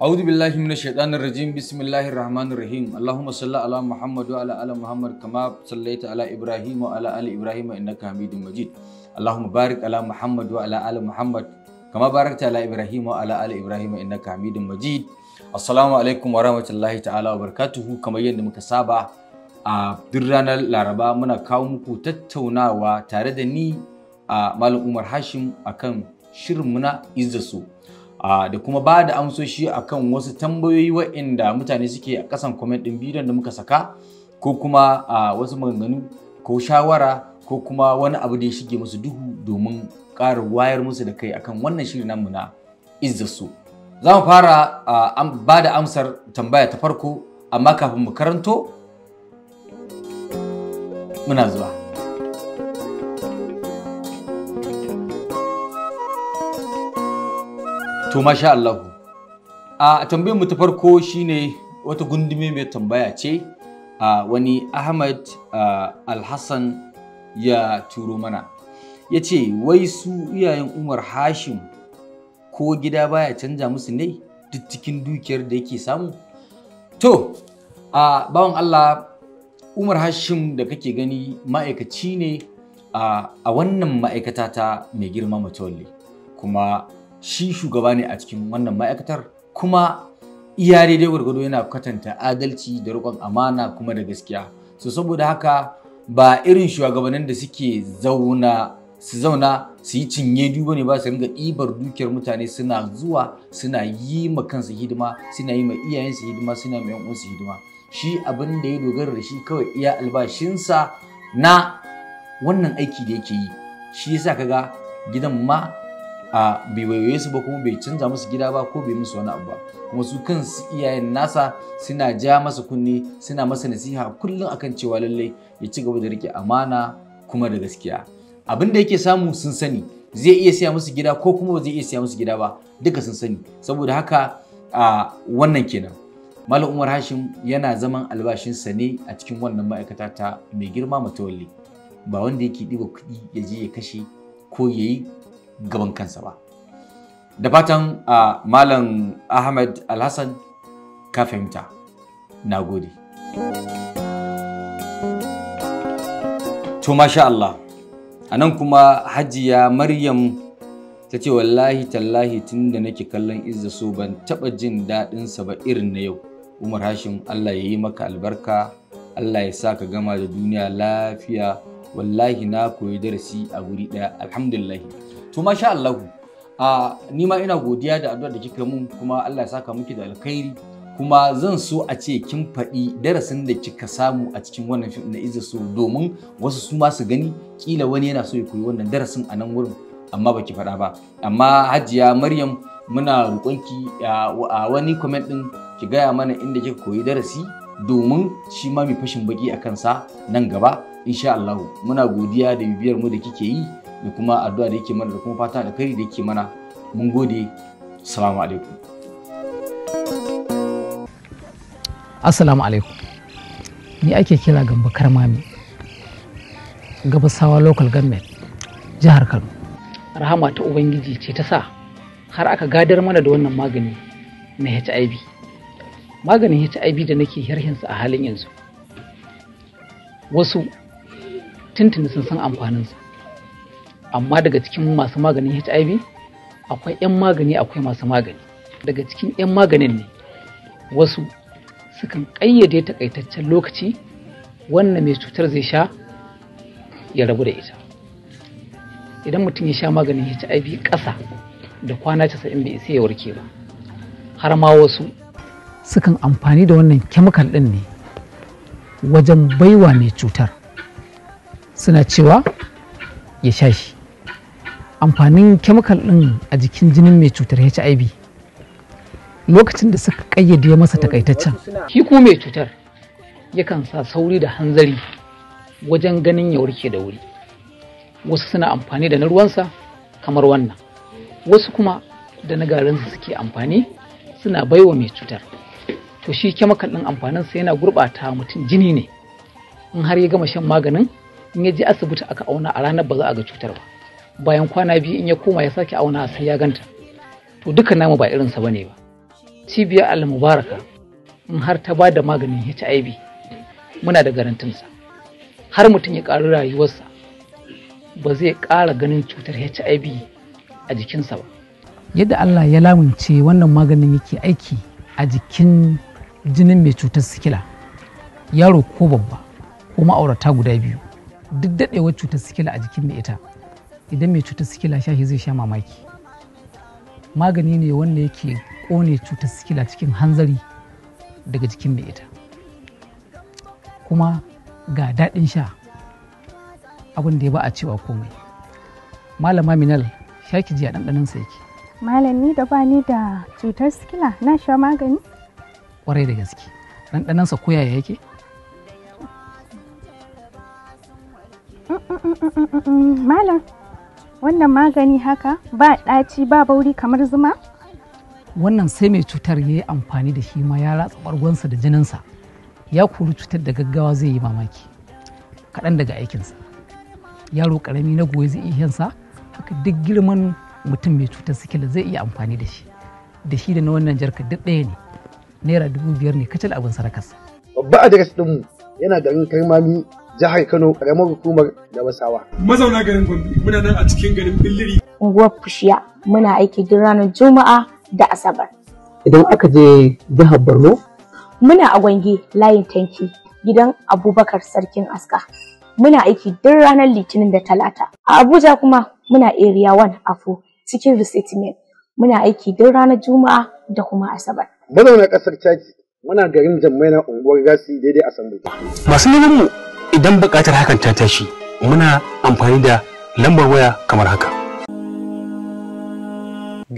أعوذ بالله من الشيطان الرجيم بسم الله الرحمن الرحيم اللهم صل على محمد وعلى آل محمد كما صليت على إبراهيم وعلى آل إبراهيم إنك حميد مجيد اللهم بارك على محمد وعلى آل محمد كما باركت على إبراهيم وعلى آل إبراهيم إنك حميد مجيد Assalamu alaikum warahmatullahi ta'ala barkatuhu kamar yadda muka saba a duk ranar Laraba muna kawo muku tattaunawa tare da ni a Malam Umar Hashim akan shirin muna izzasu. Ah, da kuma ba da amsoshi akan wasu tambayoyi wa'inda mutane suke a ƙasan comment ɗin bidiyon da muka saka ko kuma ah, wasu maganganu ko shawara ko kuma wani abu da ya shige musu duhu domin ƙara wayar musu da kai akan wannan shirin namu na izzasu za mu fara ah, ba da amsar tambaya ta farko amma kafin mu karanto muna zuwa To masha Allah. A tambayar mu ta farko shine wata gundume mai tambaya ce a wani Ahmad Alhassan ya turo mana. Ya ce wai su iyayen Umar Hashim ko gida baya canja musu ne duk cikin dukiyar da yake samu? To, a bawan Allah Umar Hashim da kake gani ma'aikaci ne a wannan ma'aikata ta mai girma matawalle kuma shi shugaba ne a cikin wannan ma'aikatar kuma iya daidai gwargwado yana kwatanta adalci da riƙon amana kuma da gaskiya so saboda haka ba irin shugabannin da suke zauna su zauna su yi cinye duba ne ba su ringa ɗibar dukiyar mutane suna zuwa suna yi ma kansu hidima suna yi ma iyayensu hidima suna ma yan uwansu hidima shi abin da ya dogara da shi kawai iya albashinsa na wannan aiki da yake yi shi yasa kaga gidan ma a bai waiwaye su ba kuma bai canza musu gida ba ko bai musu wani abu ba kuma su kansu iyayen nasa suna ja masa kunne suna masa nasiha kullum akan cewa lallai ya ci gaba da rike amana kuma da gaskiya abin da yake samu sun sani zai iya siya musu gida ko kuma ba zai iya siya musu gida ba duka sun sani saboda haka a wannan kenan Malam Umar Hashim yana zaman albashinsa ne a cikin wannan ma'aikata ta mai girma matawalli ba wanda yake ɗiba kuɗi ya je ya kashe ko ya yi gaban kansa ba da fatan a malam ahmad alhassan ka fahimta na gode to masha Allah a nan kuma hajiya maryam ta ce wallahi tallahi tun da nake kallon izza so ban taɓa jin daɗinsa ba irin na yau umar hashim allah ya yi maka albarka allah ya sa ka gama da duniya lafiya wallahi na koyi darasi a wuri ɗaya alhamdulillah to masha Allahu a ni ma ina godiya da addu'a da kika mun kuma Allah ya saka miki da alkhairi kuma zan so a ce kin faɗi darasin da kika samu a cikin wannan fim na Izza so domin wasu su ma su gani kila wani yana so ya koyi wannan darasin a nan wurin amma baki faɗa ba amma Hajiya Maryam muna roƙonki a wani comment din ki gaya mana inda kika koyi darasi domin shi ma mai fashin baki a kansa nan gaba insha Allah muna godiya da bibiyar mu da kike yi da kuma addu'a da yake mana da kuma fata da kai da yake mana mun gode assalamu alaikum assalamu alaikum ni ake kira gamba karmami gabasawa local government jihar kano rahama ta ubangiji ce ta sa har aka gadar mana da wannan magani na hiv maganin hiv da nake hirhinsa a halin yanzu wasu tuntuni sun san amfaninsa amma daga cikin masu maganin hiv akwai 'yan magani akwai masu magani daga cikin 'yan maganin ne wasu sukan ƙayyade takaitaccen lokaci wannan mai cutar zai sha ya rabu da ita idan mutum ya sha maganin hiv ƙasa da kwana 90 bai isa ya warke ba har ma wasu sukan amfani da wannan kemikal ɗin ne wajen baiwa mai cutar suna cewa ya sha shi amfanin chemical ɗin a jikin jinin mai cutar hiv lokacin da suka kayyade masa takaitaccen shi mai cutar yakan sa sauri da hanzari wajen ganin ya warke da wuri wasu suna amfani da na ruwansa kamar wannan wasu kuma da na garinsa suke amfani suna baiwa mai cutar to shi kyamakal ɗin amfaninsa yana gurɓata mutum jini ne in har ya gama shan maganin in ya je asibiti aka auna a ranar ba za a ga cutar ba bayan kwana biyu in ya koma ya sake auna sai ya ganta to duka namu ba irinsa ba ne ba cibiyar al-mubaraka in har ta ba da maganin HIV muna da garantinsa har mutum ya ƙari rayuwarsa ba zai ƙara ganin cutar HIV a jikinsa ba yadda Allah ya lamunce wannan maganin yake aiki a jikin jinin mai cutar sikila yaro ko babba ko ma'aurata guda biyu duk daɗewar cutar sikila a jikin mai ita idan mai cutar sikila sha shi zai sha mamaki magani ne wanda yake kone cutar sikila cikin hanzari daga jikin mai ita kuma ga daɗin sha abin da ya ba a cewa komai malama minal sha ki ji a ɗanɗanin sa yake malami da ba ni da cutar sikila na sha magani kwarai da gaske ɗanɗanin sa koyaya yake malam wannan magani haka ba ɗaci ba bauri kamar zuma wannan sai mai cutar ya yi amfani da shi ma ya ratsa bargonsa da jininsa ya kori cutar da gaggawa zai yi mamaki kaɗan daga aikinsa yaro ƙarami na goyi zai iya sa haka duk girman mutum mai cutar sikila zai iya amfani da shi da shi da na wannan jarka duk ɗaya ne naira dubu biyar ne kacal abin sadakarsa babba a jakas mu yana garin karmami jihar Kano karamar hukumar Gabasawa. Mazauna garin Gombe muna nan a cikin garin Billiri. Unguwar Fushiya muna aiki duk ranar Juma'a da Asabar. Idan aka je jihar Borno? Muna a Gwange layin tanki gidan Abubakar Sarkin Aska. Muna aiki duk ranar Litinin da Talata. A Abuja kuma muna Area 1 Afo cikin Resettlement. Muna aiki duk ranar Juma'a da kuma Asabar. Mazauna ƙasar Chaki muna garin na unguwar Gasi daidai a Sambuja. Masu neman mu idan buƙatar hakan ta tashi muna amfani da lambar waya kamar haka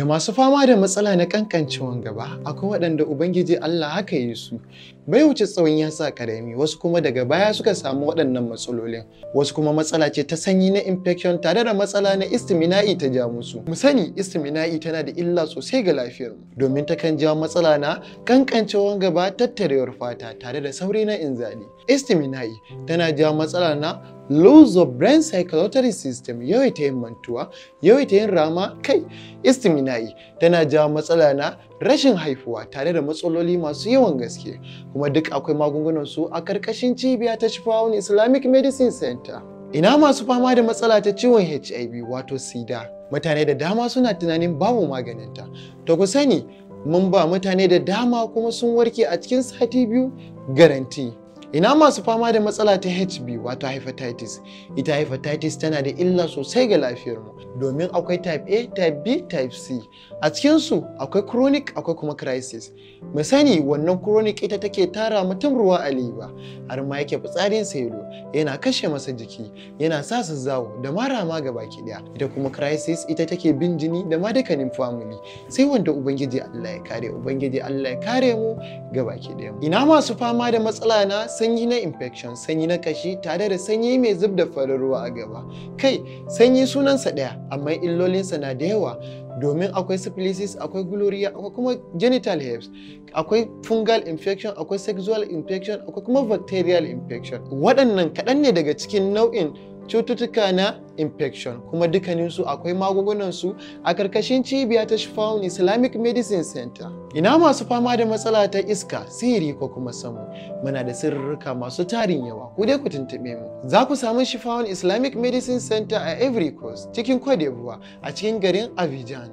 Ga masu fama da matsala na kankancewan gaba, akwai waɗanda Ubangiji Allah haka yi su, bai wuce tsawon yasa ƙarami, wasu kuma daga baya suka samu waɗannan matsalolin. Wasu kuma matsala ce ta sanyi na infection tare da matsala na istimina'i ta ja musu. Mu sani istimina'i tana da illa sosai ga lafiyar mu, domin ta kan jawo matsala na kankancewan gaba tattarewar fata tare da sauri na inzali. Istimina'i tana jawo matsala na loss of brain circulatory system ita yin mantuwa ita yin rama kai istimina'i tana jawo matsala na rashin haifuwa tare da matsaloli masu yawan gaske kuma duk akwai magungunan su a karkashin cibiya ta Shifawun Islamic Medicine Center ina masu fama da matsala ta ciwon HIV wato sida mutane da dama suna tunanin babu maganinta to ku sani mun ba mutane da dama kuma sun warke a cikin sati biyu garanti ina masu fama da matsala ta hb wato hepatitis ita hepatitis tana da illa sosai ga lafiyarmu domin akwai type a type b type c a cikinsu akwai chronic akwai kuma crisis mu sani wannan chronic ita take tara mutum ruwa a liba har ma yake fitsarin sailo yana kashe masa jiki yana sa su zawo da mara ma gaba ki daya ita kuma crisis ita take bin jini da ma dukkanin family sai wanda ubangiji Allah ya kare ubangiji Allah ya kare mu gaba ki daya ina masu fama da matsala na sanyi na infection sanyi na kashi tare da sanyi mai zub da farin ruwa a gaba kai sanyi sunansa ɗaya amma illolinsa na da yawa domin akwai syphilis akwai gloria akwai kuma genital herpes akwai fungal infection akwai sexual infection akwai kuma bacterial infection waɗannan kaɗan ne daga cikin nau'in cututtuka na infection kuma dukkaninsu akwai magungunansu a karkashin cibiya ta Shifaun Islamic Medicine Center. Ina masu fama da matsala ta iska, sihiri ko kuma samu. Muna da sirrika masu tarin yawa, ku dai ku tuntuɓe mu. Za ku samu Shifaun Islamic Medicine Center a Every Coast cikin kwadebuwa a cikin garin Abidjan.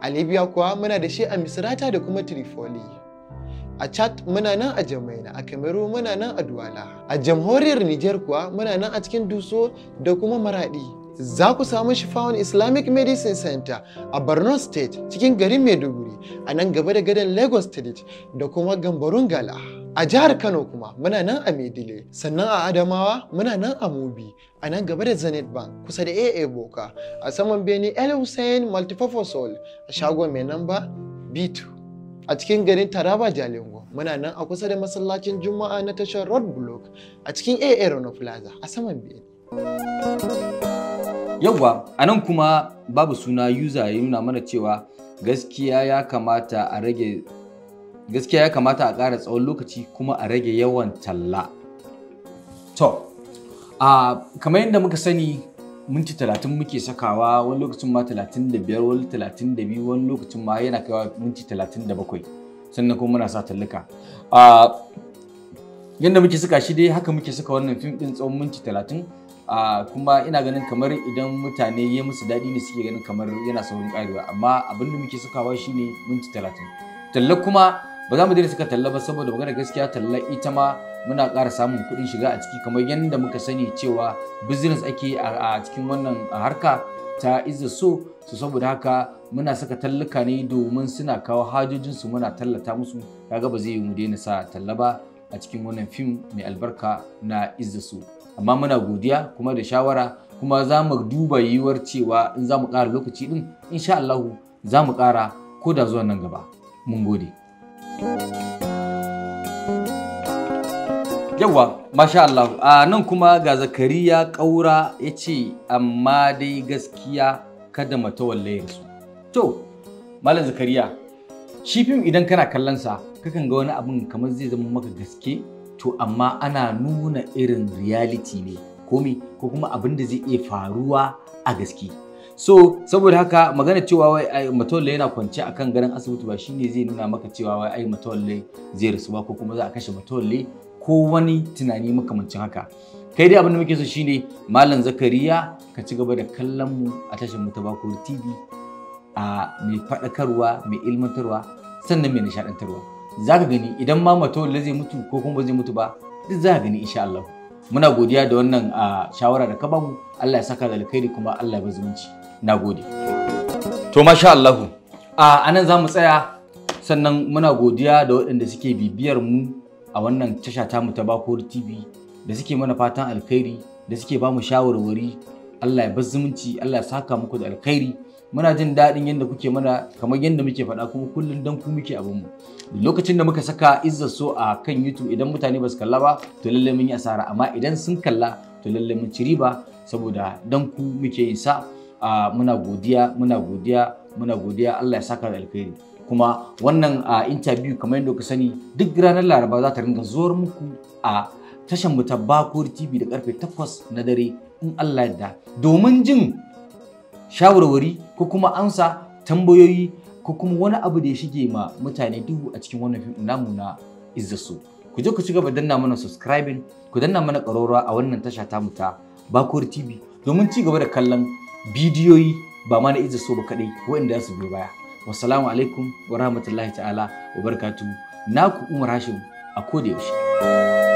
A Libya kuwa muna da shi a Misrata da kuma Trifoli. a chad muna nan a jamaina a cameroon muna nan a duwala a jamhuriyar niger kuwa muna nan a cikin duso da kuma maradi za ku samu shifawan Islamic Medicine Center a Borno State cikin garin Maiduguri a nan gaba da gadon Lagos State da kuma Gambarun Gala. A jihar Kano kuma muna nan a Maidile, sannan a Adamawa muna nan a Mubi, a nan gaba da Zenith Bank kusa da AA Boka a saman Beni El Hussein a shagon mai namba B2. a cikin garin Taraba Jalingo muna nan a kusa da masallacin Juma'a na tashar Road Block a cikin AA Rono Plaza a saman biyu. Yawwa, a nan kuma babu suna user ya nuna mana cewa gaskiya ya kamata a rage gaskiya ya kamata a ƙara tsawon lokaci kuma a rage yawan talla. To, kamar yadda muka sani minti talatin muke sakawa wani lokacin ma talatin da biyar wani talatin da biyu wani lokacin ma yana kaiwa minti talatin da bakwai sannan kuma muna sa tallaka. yadda muke saka shi dai haka muke saka wannan fim din tsawon minti talatin kuma ina ganin kamar idan mutane ya musu daɗi ne suke ganin kamar yana saurin ƙarewa amma abin da muke sakawa shine minti talatin talla kuma ba za mu daina saka talla ba saboda magana gaskiya talla ita ma muna ƙara samun kuɗin shiga a ciki kamar yadda muka sani cewa business ake a cikin wannan harka ta izza so su saboda haka muna saka talluka ne domin suna kawo hajojinsu muna tallata musu kaga ba zai yi mu daina sa talla ba a cikin wannan fim mai albarka na izza so amma muna godiya kuma da shawara kuma za mu duba yiwuwar cewa in za mu ƙara lokaci din insha Allah za mu ƙara ko da zuwa nan gaba mun gode Yawwa, masha Allah, a nan kuma ga Zakariya ƙaura ya ce, amma dai gaskiya kada matawalle ya rasu. To, Malam Zakariya, shi fim idan kana kallonsa kakan ga wani abin kamar zai zama maka gaske, to amma ana nuna irin reality ne, komi ko kuma abin da zai iya faruwa a gaske. so saboda haka magana cewa wai ai matawalle yana kwance akan garin asibiti ba shine zai nuna maka cewa wai ai matawalle zai rasu ba ko kuma za a kashe matawalle ko wani tunani makamancin haka kai dai abin da muke so shine malam zakariya ka ci gaba da kallon mu a tashin mu ta bakuri tv a mai faɗakarwa mai ilmantarwa sannan mai nishaɗantarwa za ka gani idan ma matawalle zai mutu ko kuma zai mutu ba duk za ka gani insha Allah muna godiya da wannan shawara da ka bamu Allah ya saka da alkhairi kuma Allah ya zumunci na gode to masha Allah a anan za mu tsaya sannan muna godiya da waɗanda suke bibiyar mu a wannan tasha ta mu ta bakor tv da suke mana fatan alkhairi da suke bamu shawarwari Allah ya zumunci Allah ya saka muku da alkhairi muna jin daɗin yadda kuke mana kamar yadda muke faɗa kuma kullum dan ku muke abin mu lokacin da muka saka izzar so a kan YouTube idan mutane ba su kalla ba to lalle mun yi asara amma idan sun kalla to lalle mun ci riba saboda dan ku muke yin sa muna godiya muna godiya muna godiya Allah ya saka da alkhairi kuma wannan a interview kamar yadda ku sani duk ranar Laraba za ta ringa zuwar muku a tashan mu ta Bakori TV da karfe 8 na dare in Allah ya domin jin shawarwari ko kuma amsa tambayoyi ko kuma wani abu da ya shige ma mutane duhu a cikin wannan fim namu na izzasu ku je ku ci gaba danna mana subscribing ku danna mana ƙararwa a wannan tasha tamu ta Bakor TV domin ci gaba da kallon bidiyoyi ba ma na izzasu ba kadai waɗanda za su biyo baya wassalamu alaikum wa rahmatullahi ta'ala wa barakatuhu naku Umar Hashim a koda yaushe